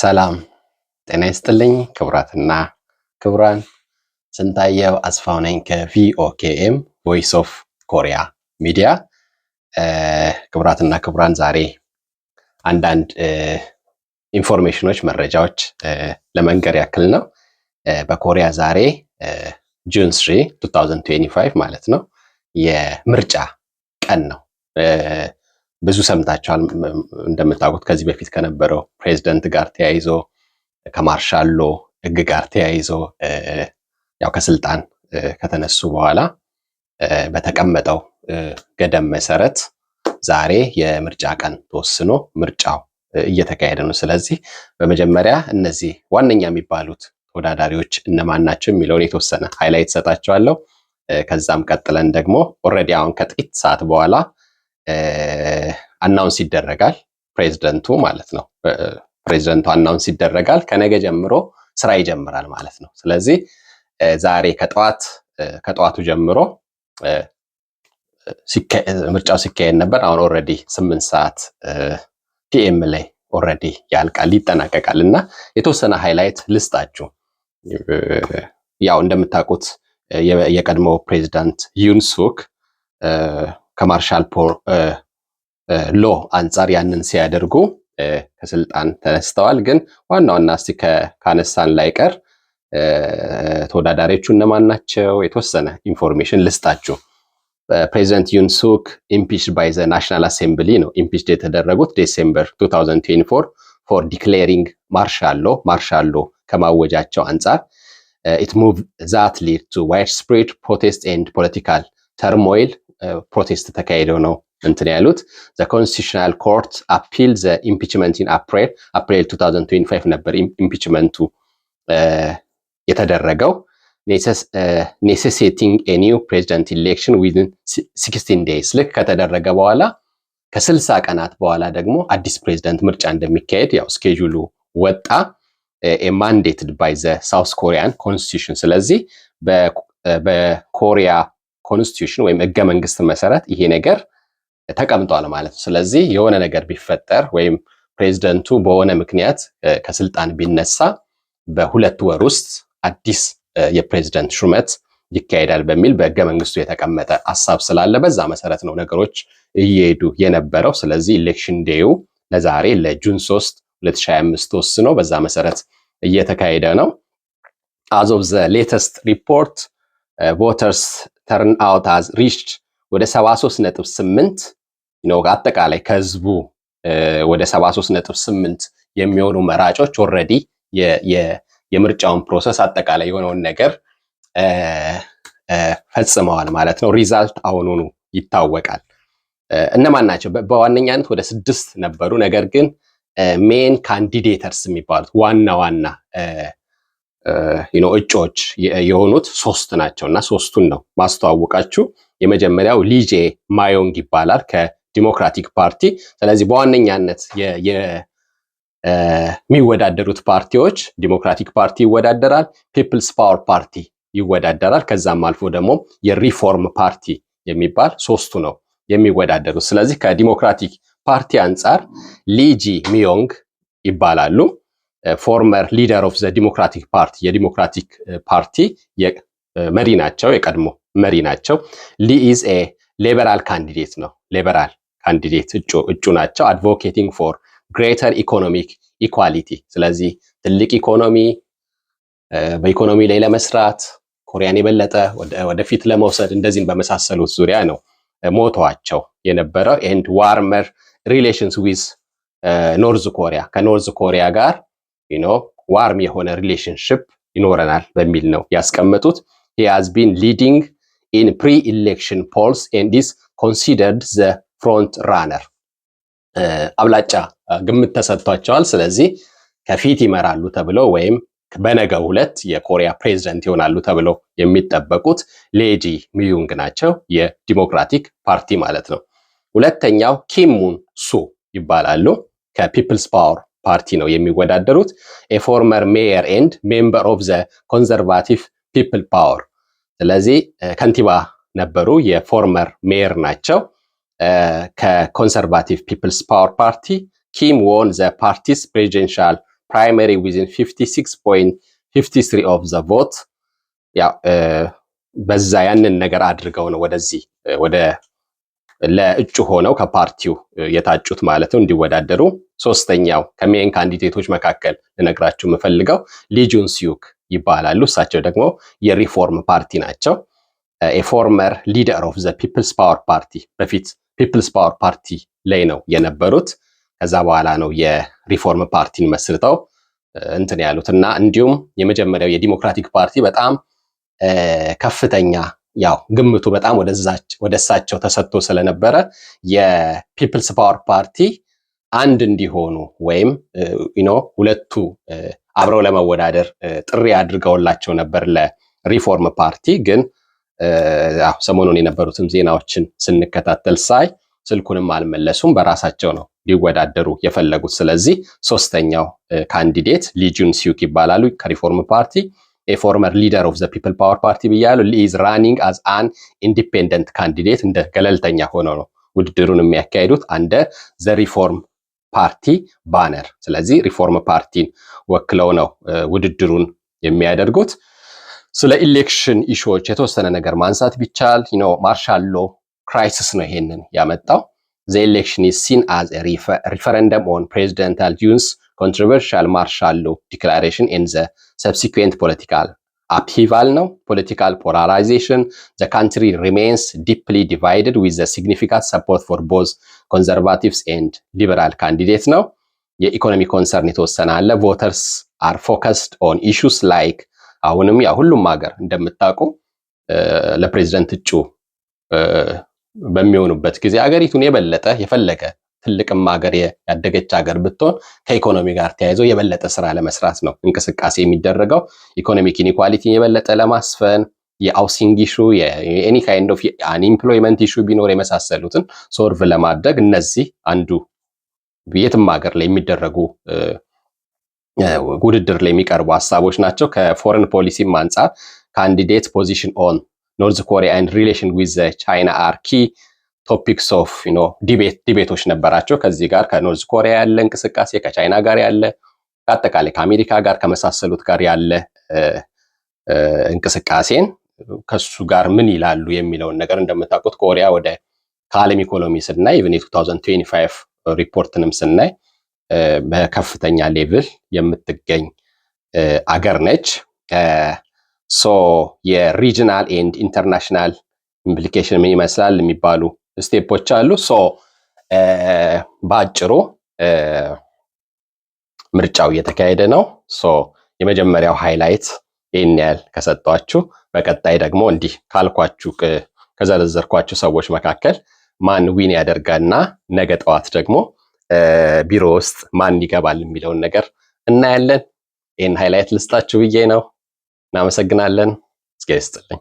ሰላም ጤና ይስጥልኝ ክቡራትና ክቡራን፣ ስንታየው አስፋው ነኝ ከቪኦኬኤም ቮይስ ኦፍ ኮሪያ ሚዲያ። ክቡራትና ክቡራን፣ ዛሬ አንዳንድ ኢንፎርሜሽኖች፣ መረጃዎች ለመንገር ያክል ነው። በኮሪያ ዛሬ ጁን 3 2025 ማለት ነው የምርጫ ቀን ነው። ብዙ ሰምታችኋል። እንደምታውቁት ከዚህ በፊት ከነበረው ፕሬዚደንት ጋር ተያይዞ ከማርሻሎ ህግ ጋር ተያይዞ ያው ከስልጣን ከተነሱ በኋላ በተቀመጠው ገደብ መሰረት ዛሬ የምርጫ ቀን ተወስኖ ምርጫው እየተካሄደ ነው። ስለዚህ በመጀመሪያ እነዚህ ዋነኛ የሚባሉት ተወዳዳሪዎች እነማን ናቸው የሚለውን የተወሰነ ሃይላይት ሰጣቸዋለሁ። ከዛም ቀጥለን ደግሞ ኦልሬዲ አሁን ከጥቂት ሰዓት በኋላ አናውንስ ይደረጋል። ፕሬዚደንቱ ማለት ነው። ፕሬዚደንቱ አናውንስ ይደረጋል። ከነገ ጀምሮ ስራ ይጀምራል ማለት ነው። ስለዚህ ዛሬ ከጠዋት ከጠዋቱ ጀምሮ ምርጫው ሲካሄድ ነበር። አሁን ኦልሬዲ ስምንት ሰዓት ፒኤም ላይ ኦልሬዲ ያልቃል ይጠናቀቃል። እና የተወሰነ ሃይላይት ልስጣችሁ። ያው እንደምታውቁት የቀድሞ ፕሬዚዳንት ዩንሱክ ከማርሻል ሎ አንጻር ያንን ሲያደርጉ ከስልጣን ተነስተዋል። ግን ዋና ዋና እስቲ ካነሳን ላይቀር ተወዳዳሪዎቹ እነማን ናቸው? የተወሰነ ኢንፎርሜሽን ልስጣችሁ። ፕሬዚደንት ዩንሱክ ኢምፒች ባይ ዘ ናሽናል አሴምብሊ ነው ኢምፒች የተደረጉት ዴሴምበር 2024 ፎር ዲክሌሪንግ ማርሻል ሎ ከማወጃቸው አንጻር ኢት ሙቭ ዛት ሊድ ቱ ዋይድ ስፕሪድ ፕሮቴስት ኤንድ ፖለቲካል ተርሞይል ፕሮቴስት ተካሄደው ነው እንትን ያሉት ዘ ኮንስቲቱሽናል ኮርት አፒል ዘ ኢምፒችመንት ኢን አፕሪል አፕሪል 2025 ነበር ኢምፒችመንቱ የተደረገው ኔሴሴቲንግ ኤ ኒው ፕሬዚደንት ኢሌክሽን ዊዝን ሲክስቲን ዴይስ ልክ ከተደረገ በኋላ ከስልሳ ቀናት በኋላ ደግሞ አዲስ ፕሬዚደንት ምርጫ እንደሚካሄድ ያው ስኬጁሉ ወጣ ማንዴትድ ባይ ዘ ሳውስ ኮሪያን ኮንስቲቱሽን ስለዚህ በኮሪያ ኮንስቲቱሽን ወይም ህገ መንግስት መሰረት ይሄ ነገር ተቀምጧል ማለት ነው። ስለዚህ የሆነ ነገር ቢፈጠር ወይም ፕሬዚደንቱ በሆነ ምክንያት ከስልጣን ቢነሳ በሁለት ወር ውስጥ አዲስ የፕሬዚደንት ሹመት ይካሄዳል በሚል በህገ መንግስቱ የተቀመጠ ሀሳብ ስላለ በዛ መሰረት ነው ነገሮች እየሄዱ የነበረው። ስለዚህ ኢሌክሽን ዴዩ ለዛሬ ለጁን 3 2025 ተወስኖ በዛ መሰረት እየተካሄደ ነው። አዞብ ዘ ሌተስት ሪፖርት ቮተርስ ተርን አውት ሃዝ ሪችድ ወደ 73.8 ነው። አጠቃላይ ከህዝቡ ወደ 73.8 የሚሆኑ መራጮች ኦልሬዲ የምርጫውን ፕሮሰስ አጠቃላይ የሆነውን ነገር ፈጽመዋል ማለት ነው። ሪዛልት አሁኑኑ ይታወቃል። እነማን ናቸው? በዋነኛነት ወደ ስድስት ነበሩ። ነገር ግን ሜን ካንዲዴተርስ የሚባሉት ዋና ዋና እጩዎች የሆኑት ሶስት ናቸው እና ሶስቱን ነው ማስተዋወቃችሁ። የመጀመሪያው ሊጄ ማዮንግ ይባላል ከዲሞክራቲክ ፓርቲ። ስለዚህ በዋነኛነት የሚወዳደሩት ፓርቲዎች ዲሞክራቲክ ፓርቲ ይወዳደራል፣ ፒፕልስ ፓወር ፓርቲ ይወዳደራል። ከዛም አልፎ ደግሞ የሪፎርም ፓርቲ የሚባል ሶስቱ ነው የሚወዳደሩት። ስለዚህ ከዲሞክራቲክ ፓርቲ አንጻር ሊጂ ሚዮንግ ይባላሉ። ፎርመር ሊደር ኦፍ ዘ ዲሞክራቲክ ፓርቲ የዲሞክራቲክ ፓርቲ መሪ ናቸው፣ የቀድሞ መሪ ናቸው። ሊኢዝ ኤ ሌበራል ካንዲዴት ነው፣ ሌበራል ካንዲዴት እጩ ናቸው። አድቮኬቲንግ ፎር ግሬተር ኢኮኖሚክ ኢኳሊቲ፣ ስለዚህ ትልቅ ኢኮኖሚ በኢኮኖሚ ላይ ለመስራት ኮሪያን የበለጠ ወደፊት ለመውሰድ እንደዚህም በመሳሰሉት ዙሪያ ነው ሞተዋቸው የነበረው ኤንድ ዋርመር ሪሌሽንስ ዊዝ ኖርዝ ኮሪያ ከኖርዝ ኮሪያ ጋር ዩኖ ዋርም የሆነ ሪሌሽንሽፕ ይኖረናል በሚል ነው ያስቀመጡት። ሂ ቢን ሊዲንግ ኢን ፕሪ ኢሌክሽን ፖልስ ኤንድ ኢዝ ኮንሲደርድ ዘ ፍሮንት ራነር አብላጫ uh, ግምት ተሰጥቷቸዋል። ስለዚህ ከፊት ይመራሉ ተብለው ወይም በነገው ሁለት የኮሪያ ፕሬዚደንት ይሆናሉ ተብለው የሚጠበቁት ሌጂ ሚዩንግ ናቸው፣ የዲሞክራቲክ ፓርቲ ማለት ነው። ሁለተኛው ኪም ሙን ሱ ይባላሉ ከፒፕልስ ፓወር ፓርቲ ነው የሚወዳደሩት። የፎርመር ሜየር ኤንድ ሜምበር ኦፍ ዘ ኮንዘርቫቲቭ ፒፕል ፓወር። ስለዚህ uh, ከንቲባ ነበሩ፣ የፎርመር ሜየር ናቸው። ከኮንሰርቫቲቭ ፒፕልስ ፓወር ፓርቲ ኪም ዎን ዘ ፓርቲስ ፕሬዚደንሻል ፕራይመሪ ዊዝን 56.53 ኦፍ ዘ ቮት። በዛ ያንን ነገር አድርገው ነው ወደዚህ uh, ወደ ለእጩ ሆነው ከፓርቲው የታጩት ማለት ነው እንዲወዳደሩ። ሶስተኛው ከሜን ካንዲዴቶች መካከል ልነግራችሁ የምፈልገው ሊጁን ሲዩክ ይባላሉ። እሳቸው ደግሞ የሪፎርም ፓርቲ ናቸው። የፎርመር ሊደር ኦፍ ዘ ፒፕልስ ፓወር ፓርቲ በፊት ፒፕልስ ፓወር ፓርቲ ላይ ነው የነበሩት። ከዛ በኋላ ነው የሪፎርም ፓርቲን መስርተው እንትን ያሉት እና እንዲሁም የመጀመሪያው የዲሞክራቲክ ፓርቲ በጣም ከፍተኛ ያው ግምቱ በጣም ወደ እሳቸው ተሰጥቶ ስለነበረ የፒፕልስ ፓወር ፓርቲ አንድ እንዲሆኑ ወይም ኖ ሁለቱ አብረው ለመወዳደር ጥሪ አድርገውላቸው ነበር ለሪፎርም ፓርቲ። ግን ሰሞኑን የነበሩትን ዜናዎችን ስንከታተል ሳይ ስልኩንም አልመለሱም። በራሳቸው ነው ሊወዳደሩ የፈለጉት። ስለዚህ ሶስተኛው ካንዲዴት ሊጁን ሲዩክ ይባላሉ ከሪፎርም ፓርቲ ፎርመር ሊደር ኦፍ ዘ ፒፕል ፓወር ፓርቲ ብያለሁ። ኢዝ ራኒንግ አዝ አን ኢንዲፔንደንት ካንዲዴት እንደ ገለልተኛ ሆነው ነው ውድድሩን የሚያካሂዱት አንደ ዘ ሪፎርም ፓርቲ ባነር። ስለዚህ ሪፎርም ፓርቲን ወክለው ነው ውድድሩን የሚያደርጉት። ስለ ኢሌክሽን ኢሹዎች የተወሰነ ነገር ማንሳት ቢቻል ማርሻል ሎ ክራይሲስ ነው ይሄንን ያመጣው። ዘ ኢሌክሽን ኢዝ ሲን አዝ ሪፈረንደም ኦን ፕሬዚደንታል ዲዩንስ ኮንትሮቨርሻል ማርሻሉ ዲክላሬሽን ኤን ዘ ሰብሲኩዌንት ፖለቲካል አፕሂቫል ነው። ፖለቲካል ፖላራይዜሽን ዘ ካንትሪ ሪሜንስ ዲፕሊ ዲቫይድድ ዊዝ ሲግኒፊካንት ሰፖርት ፎር ቦዝ ኮንዘርቫቲቭስ ኤንድ ሊበራል ካንዲዴት ነው። የኢኮኖሚ ኮንሰርን የተወሰነ አለ። ቮተርስ አር ፎከስድ ኦን ኢሹስ ላይክ አሁንም ያ ሁሉም ሀገር እንደምታውቁ ለፕሬዚደንት እጩ በሚሆኑበት ጊዜ አገሪቱን የበለጠ የፈለገ ትልቅም ሀገር ያደገች ሀገር ብትሆን ከኢኮኖሚ ጋር ተያይዞ የበለጠ ስራ ለመስራት ነው እንቅስቃሴ የሚደረገው። ኢኮኖሚክ ኢኒኳሊቲ የበለጠ ለማስፈን የአውሲንግ ኢሹ የኤኒ ካይንድ ኦፍ አንኢምፕሎይመንት ኢሹ ቢኖር የመሳሰሉትን ሶልቭ ለማድረግ እነዚህ አንዱ የትም ሀገር ላይ የሚደረጉ ውድድር ላይ የሚቀርቡ ሀሳቦች ናቸው። ከፎረን ፖሊሲም አንጻር ካንዲዴት ፖዚሽን ኦን ኖርዝ ኮሪያ ኤንድ ሪሌሽን ዊዝ ቻይና አር ኪ ቶፒክስ ኦፍ ዩ ኖ ዲቤት ዲቤቶች ነበራቸው። ከዚህ ጋር ከኖርዝ ኮሪያ ያለ እንቅስቃሴ ከቻይና ጋር ያለ አጠቃላይ ከአሜሪካ ጋር ከመሳሰሉት ጋር ያለ እንቅስቃሴን ከሱ ጋር ምን ይላሉ የሚለውን ነገር እንደምታውቁት ኮሪያ ወደ ከዓለም ኢኮኖሚ ስናይ ኢቨን የ2025 ሪፖርትንም ስናይ በከፍተኛ ሌቭል የምትገኝ አገር ነች። ሶ የሪጅናል ኤንድ ኢንተርናሽናል ኢምፕሊኬሽን ምን ይመስላል የሚባሉ ስቴፖች አሉ። ሶ በአጭሩ ምርጫው እየተካሄደ ነው። ሶ የመጀመሪያው ሃይላይት ይህን ያህል ከሰጧችሁ፣ በቀጣይ ደግሞ እንዲህ ካልኳችሁ ከዘረዘርኳችሁ ሰዎች መካከል ማን ዊን ያደርጋና ነገ ጠዋት ደግሞ ቢሮ ውስጥ ማን ይገባል የሚለውን ነገር እናያለን። ይህን ሃይላይት ልስጣችሁ ብዬ ነው። እናመሰግናለን። እስኪ ይስጥልኝ።